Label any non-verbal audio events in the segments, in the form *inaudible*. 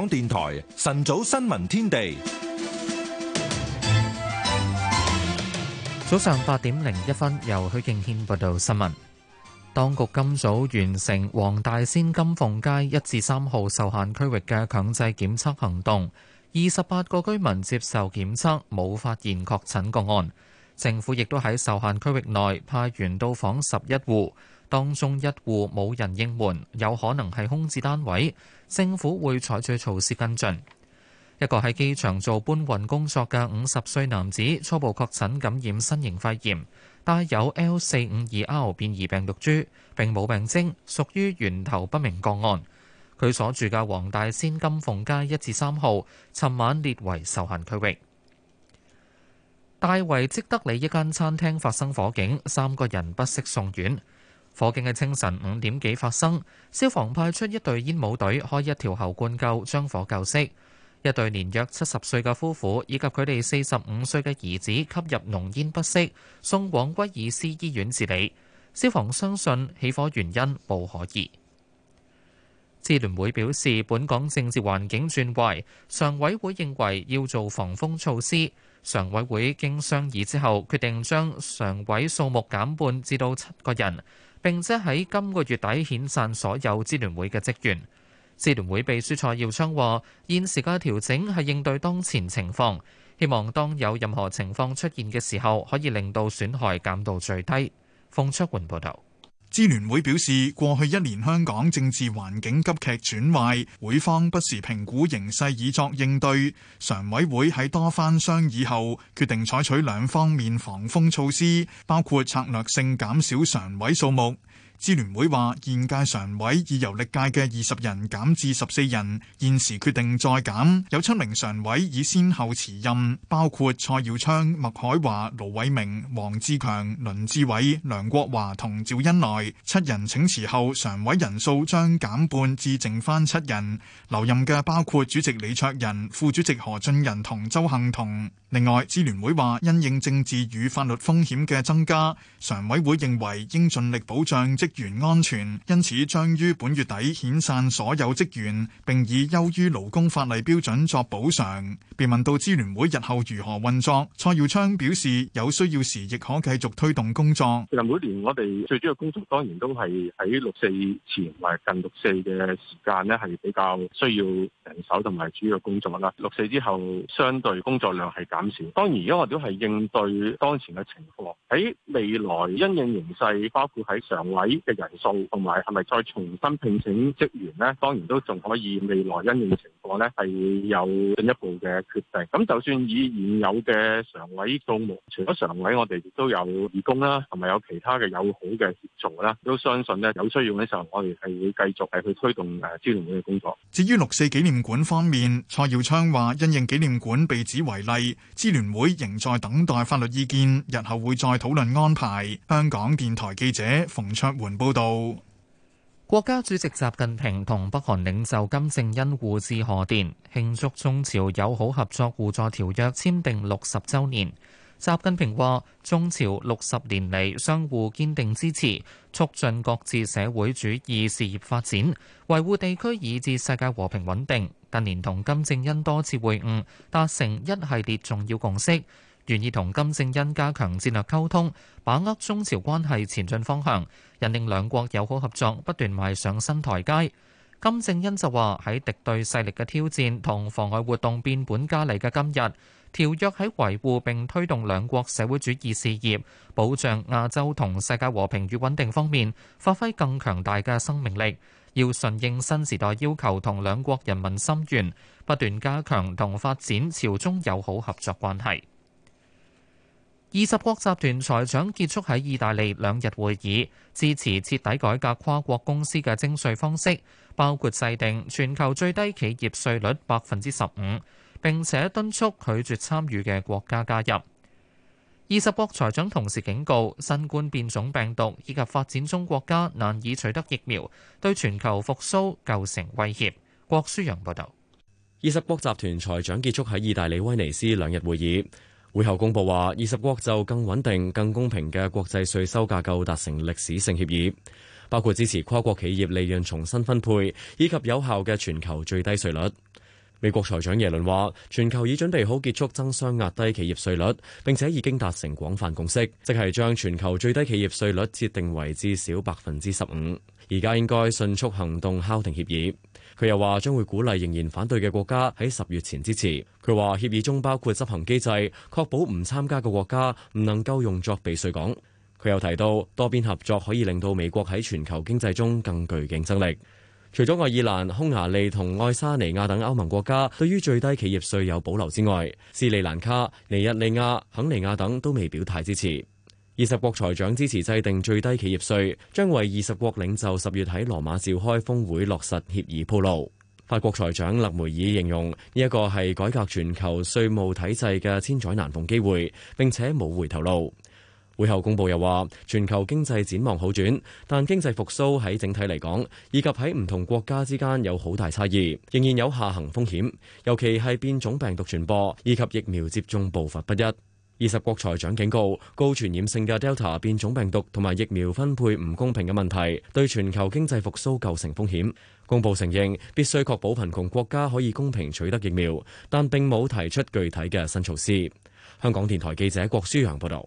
港電台晨早新聞天地，早上八點零一分，由許敬軒報道新聞。當局今早完成黃大仙金鳳街一至三號受限區域嘅強制檢測行動，二十八個居民接受檢測，冇發現確診個案。政府亦都喺受限區域內派員到訪十一戶。當中一戶冇人應門，有可能係空置單位。政府會採取措施跟進。一個喺機場做搬運工作嘅五十歲男子初步確診感染新型肺炎，帶有 L 四五二 R 變異病毒株，並冇病徵，屬於源頭不明個案。佢所住嘅黃大仙金鳳街一至三號，尋晚列為受限區域。大圍積德里一間餐廳發生火警，三個人不適送院。火警喺清晨五點幾發生，消防派出一隊煙帽隊，開一條喉灌救，將火救熄。一對年約七十歲嘅夫婦以及佢哋四十五歲嘅兒子吸入濃煙不適，送往威爾斯醫院治理。消防相信起火原因無可疑。支聯會表示，本港政治環境轉壞，常委會認為要做防風措施。常委會經商議之後，決定將常委數目減半，至到七個人。並且喺今個月底遣散所有支聯會嘅職員。支聯會秘書蔡耀昌話：現時嘅調整係應對當前情況，希望當有任何情況出現嘅時候，可以令到損害減到最低。馮卓桓報導。支聯會表示，過去一年香港政治環境急劇轉壞，會方不時評估形勢以作應對。常委會喺多番商議後，決定採取兩方面防風措施，包括策略性減少常委數目。支聯會話：現屆常委已由歷屆嘅二十人減至十四人，現時決定再減，有七名常委已先後辭任，包括蔡耀昌、麥海華、盧偉明、黃志強、林志偉、梁國華同趙恩來。七人請辭後，常委人數將減半至剩返七人，留任嘅包括主席李卓人、副主席何俊仁同鄒幸彤。另外，支聯會話：因應政治與法律風險嘅增加，常委會認為應盡力保障職。職員安全，因此將於本月底遣散所有職員，並以優於勞工法例標準作補償。被問到支聯會日後如何運作，蔡耀昌表示有需要時亦可繼續推動工作。其實每年我哋最主要工作當然都係喺六四前或近六四嘅時間咧，係比較需要人手同埋主要工作啦。六四之後相對工作量係減少，當然而家我哋都係應對當前嘅情況。喺未來因應形勢，包括喺常委。嘅人數同埋係咪再重新聘請職員咧？當然都仲可以未來因應情。我呢係有進一步嘅決定，咁就算以現有嘅常委，到除咗常委，我哋亦都有義工啦，同埋有其他嘅友好嘅協助啦，都相信呢，有需要嘅時候，我哋係會繼續係去推動誒支聯會嘅工作。至於六四紀念館方面，蔡耀昌話：因應紀念館被指違例，支聯會仍在等待法律意見，日後會再討論安排。香港電台記者馮卓桓報道。國家主席習近平同北韓領袖金正恩互致賀電，慶祝中朝友好合作互助條約簽訂六十周年。習近平話，中朝六十年嚟相互堅定支持，促進各自社會主義事業發展，維護地區以至世界和平穩定。近年同金正恩多次會晤，達成一系列重要共識。願意同金正恩加強戰略溝通，把握中朝關係前進方向，引領兩國友好合作不斷邁上新台階。金正恩就話：喺敵對勢力嘅挑戰同妨礙活動變本加厲嘅今日，條約喺維護並推動兩國社會主義事業、保障亞洲同世界和平與穩定方面發揮更強大嘅生命力，要順應新時代要求同兩國人民心願，不斷加強同發展朝中友好合作關係。二十國集團財長結束喺意大利兩日會議，支持徹底改革跨國公司嘅徵稅方式，包括制定全球最低企業稅率百分之十五，並且敦促拒絕參與嘅國家加入。二十國財長同時警告，新冠變種病毒以及發展中國家難以取得疫苗，對全球復甦構成威脅。郭舒陽報導。二十國集團財長結束喺意大利威尼斯兩日會議。會後公布話，二十國就更穩定、更公平嘅國際稅收架構達成歷史性協議，包括支持跨國企業利潤重新分配，以及有效嘅全球最低稅率。美國財長耶倫話，全球已準備好結束爭相壓低企業稅率，並且已經達成廣泛共識，即係將全球最低企業稅率設定為至少百分之十五。而家應該迅速行動敲定協議。佢又話將會鼓勵仍然反對嘅國家喺十月前支持。佢話協議中包括執行機制，確保唔參加嘅國家唔能夠用作避稅港。佢又提到多邊合作可以令到美國喺全球經濟中更具競爭力。除咗愛爾蘭、匈牙利同愛沙尼亞等歐盟國家對於最低企業稅有保留之外，斯里蘭卡、尼日利亞、肯尼亞等都未表態支持。二十國財長支持制定最低企業稅，將為二十國領袖十月喺羅馬召開峰會落實協議鋪路。法國財長勒梅爾形容呢一個係改革全球稅務體制嘅千載難逢機會，並且冇回頭路。會後公佈又話，全球經濟展望好轉，但經濟復甦喺整體嚟講，以及喺唔同國家之間有好大差異，仍然有下行風險，尤其係變種病毒傳播以及疫苗接種步伐不一。二十國財長警告，高傳染性嘅 Delta 變種病毒同埋疫苗分配唔公平嘅問題，對全球經濟復甦構成風險。公布承認必須確保貧窮國家可以公平取得疫苗，但並冇提出具體嘅新措施。香港電台記者郭舒揚報道。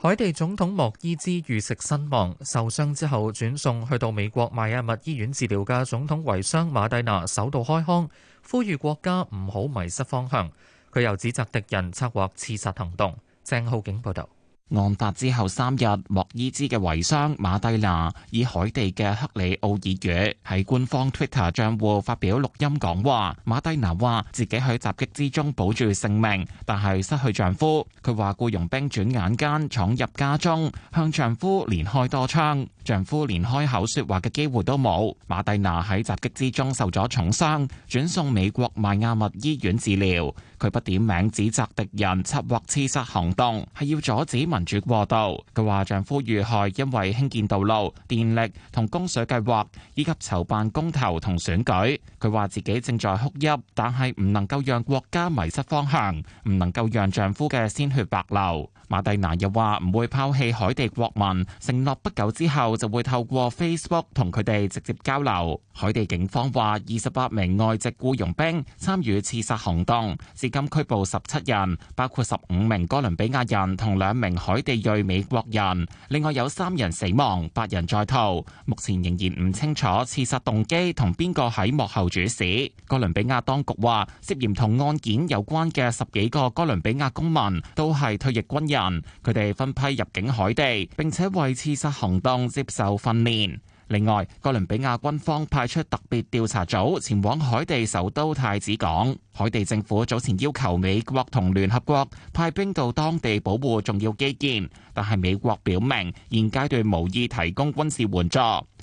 海地總統莫伊茲遇食身亡，受傷之後轉送去到美國邁阿密醫院治療嘅總統遺孀馬蒂娜首度開腔，呼籲國家唔好迷失方向。佢又指責敵人策劃刺殺行動。鄭浩景報道，案發之後三日，莫伊茲嘅遺孀馬蒂娜以海地嘅克里奧爾語喺官方 Twitter 賬戶發表錄音講話。馬蒂娜話自己喺襲擊之中保住性命，但係失去丈夫。佢話僱傭兵轉眼間闖入家中，向丈夫連開多槍。丈夫連開口說話嘅機會都冇。馬蒂娜喺襲擊之中受咗重傷，轉送美國邁阿密醫院治療。佢不點名指責敵人策劃刺殺行動，係要阻止民主過渡。佢話丈夫遇害因為興建道路、電力同供水計劃，以及籌辦公投同選舉。佢話自己正在哭泣，但係唔能夠讓國家迷失方向，唔能夠讓丈夫嘅鮮血白流。馬蒂娜又話唔會拋棄海地國民，承諾不久之後。就會透過 Facebook 同佢哋直接交流。海地警方話，二十八名外籍雇傭兵參與刺殺行動，至今拘捕十七人，包括十五名哥倫比亞人同兩名海地裔美國人。另外有三人死亡，八人在逃。目前仍然唔清楚刺殺動機同邊個喺幕後主使。哥倫比亞當局話，涉嫌同案件有關嘅十幾個哥倫比亞公民都係退役軍人，佢哋分批入境海地，並且為刺殺行動接。受訓練。另外，哥倫比亞軍方派出特別調查組前往海地首都太子港。海地政府早前要求美國同聯合國派兵到當地保護重要基建，但係美國表明現階段無意提供軍事援助。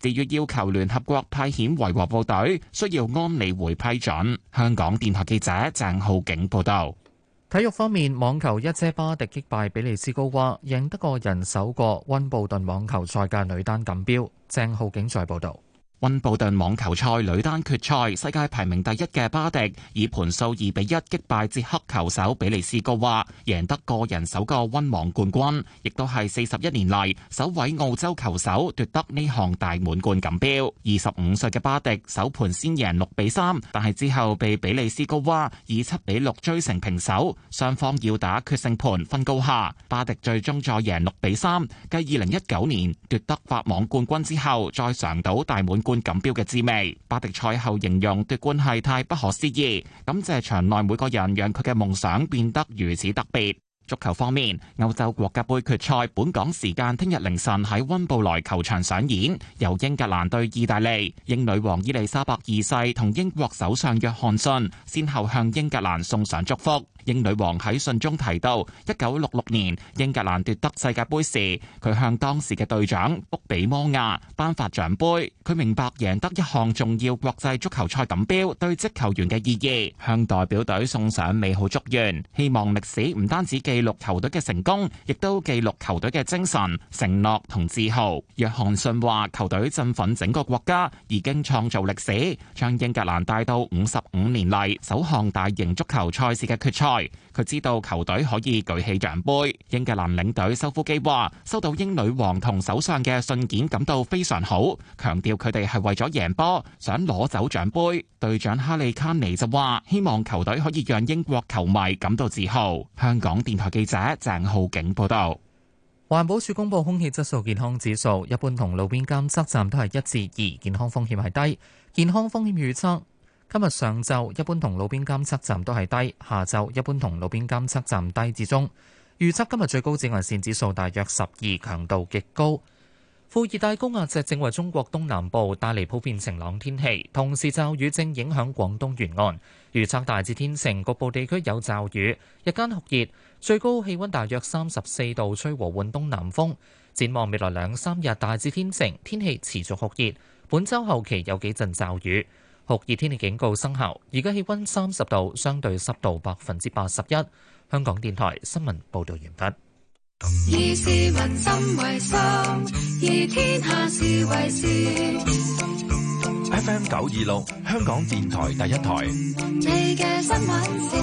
至於要求聯合國派遣維和部隊，需要安理會批准。香港電台記者鄭浩景報道。體育方面，網球一姐巴迪擊敗比利斯高娃，贏得個人首個溫布頓網球賽嘅女單錦標。鄭浩景在報道。温布頓網球賽女單決賽，世界排名第一嘅巴迪以盤數二比一擊敗捷克球手比利斯高娃，贏得個人首個温網冠軍，亦都係四十一年嚟首位澳洲球手奪得呢項大滿貫錦標。二十五歲嘅巴迪首盤先贏六比三，但係之後被比利斯高娃以七比六追成平手，雙方要打決勝盤分高下。巴迪最終再贏六比三，繼二零一九年奪得法網冠軍之後，再嘗到大滿貫。冠軍錦標嘅滋味，巴迪賽後形容奪冠係太不可思議，感謝場內每個人，讓佢嘅夢想變得如此特別。足球方面，歐洲國家杯決賽本港時間聽日凌晨喺温布萊球場上演，由英格蘭對意大利。英女王伊麗莎白二世同英國首相約翰遜先後向英格蘭送上祝福。英女王喺信中提到，一九六六年英格蘭奪得世界杯時，佢向當時嘅隊長卜比摩亞頒發獎杯。佢明白贏得一項重要國際足球賽錦標對職球員嘅意義，向代表隊送上美好祝願，希望歷史唔單止記錄球隊嘅成功，亦都記錄球隊嘅精神、承諾同自豪。約翰遜話：球隊振奮整個國家，已經創造歷史，將英格蘭帶到五十五年嚟首項大型足球賽事嘅決賽。佢知道球隊可以舉起獎杯。英格蘭領隊修夫基話：收到英女王同首相嘅信件，感到非常好，強調佢哋係為咗贏波，想攞走獎杯。隊長哈利卡尼就話：希望球隊可以讓英國球迷感到自豪。香港電台記者鄭浩景報道。環保署公布空氣質素健康指數，一般同路邊監測站都係一至二，健康風險係低，健康風險預測。今日上晝一般同路邊監測站都係低，下晝一般同路邊監測站低至中。預測今日最高紫外線指數大約十二，強度極高。副熱帶高壓脊正為中國東南部帶嚟普遍晴朗天氣，同時驟雨正影響廣東沿岸。預測大致天晴，局部地區有驟雨，日間酷熱，最高氣温大約三十四度，吹和緩東南風。展望未來兩三日大致天晴，天氣持續酷熱，本週後期有幾陣驟雨。酷熱天氣警告生效，而家氣温三十度，相對濕度百分之八十一。香港電台新聞報道完畢。以市民心為心，以天下事為事。FM 九二六，香港電台第一台。你嘅新聞時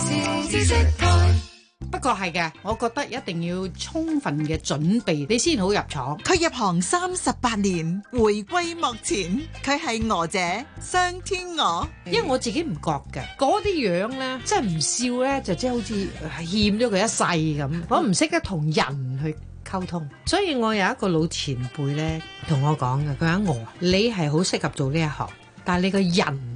時消息台。不過係嘅，我覺得一定要充分嘅準備，你先好入廠。佢入行三十八年，回歸目前，佢係鵝者雙天鵝，因為我自己唔覺嘅，嗰啲樣咧，真係唔笑咧，就即係好似欠咗佢一世咁。我唔識得同人去溝通，所以我有一個老前輩咧同我講嘅，佢話我，你係好適合做呢一行，但係你個人。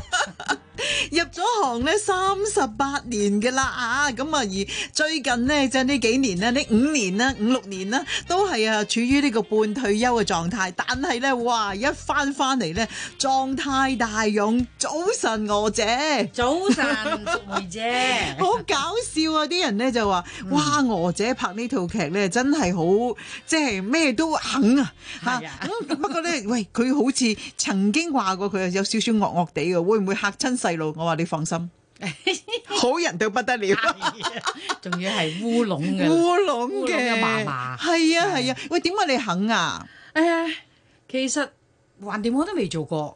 入咗行咧三十八年嘅啦啊，咁啊而最近咧即係呢幾年咧呢五年啦五六年啦都係啊處於呢個半退休嘅狀態，但係咧哇一翻翻嚟咧狀態大勇，早晨娥姐， *laughs* 早晨姐， *laughs* *laughs* 好搞笑啊！啲人咧就話哇，嗯、娥姐拍呢套劇咧真係好即係咩都肯啊吓，不過咧喂佢好似曾經話過佢有少少惡惡地嘅，會唔會嚇親細路？我話你放心， *laughs* 好人到不得了，仲、 *laughs* 哎、要係烏龍嘅，烏龍嘅嫲嫲，係啊係啊，啊啊喂點解你肯啊？誒、哎，其實。橫掂我都未做過，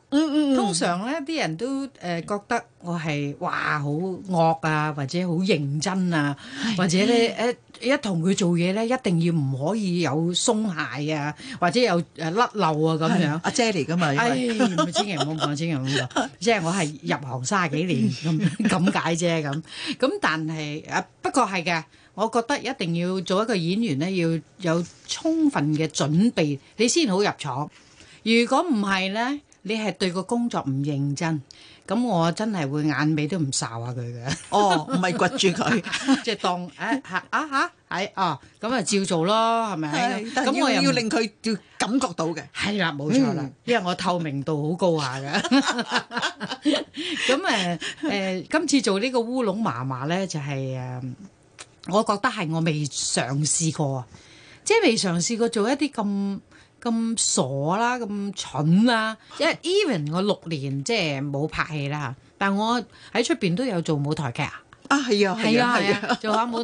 通常咧啲人都誒覺得我係哇好惡啊，或者好認真啊，或者咧誒一同佢做嘢咧，一定要唔可以有鬆懈啊，或者有誒甩漏啊咁樣。阿姐嚟噶嘛，千祈唔好講，千祈唔好講，即係我係入行卅幾年咁咁解啫咁。咁但係誒不過係嘅，我覺得一定要做一個演員咧，要有充分嘅準備，你先好入廠。如果唔係咧，你係對個工作唔認真，咁我真係會眼尾都唔哨下佢嘅。哦，唔係掘住佢，即 *laughs* 係當誒吓啊吓，喺、啊、哦，咁啊、啊、啊、啊就照做咯，係咪？咁是我要，我要令佢要感覺到嘅。係啦，冇錯啦，嗯、因為我透明度好高下噶。 *laughs* *laughs* 咁誒誒，今次做個烏龍媽媽呢個烏龍麻麻咧，就係、是、誒，我覺得係我未嘗試過，即係未嘗試過做一啲咁。咁傻啦、啊，咁蠢啦、啊，因為 even 我六年即係冇拍戲啦，但我喺出邊都有做舞台劇啊！啊係啊係啊係啊，做下舞。 *laughs*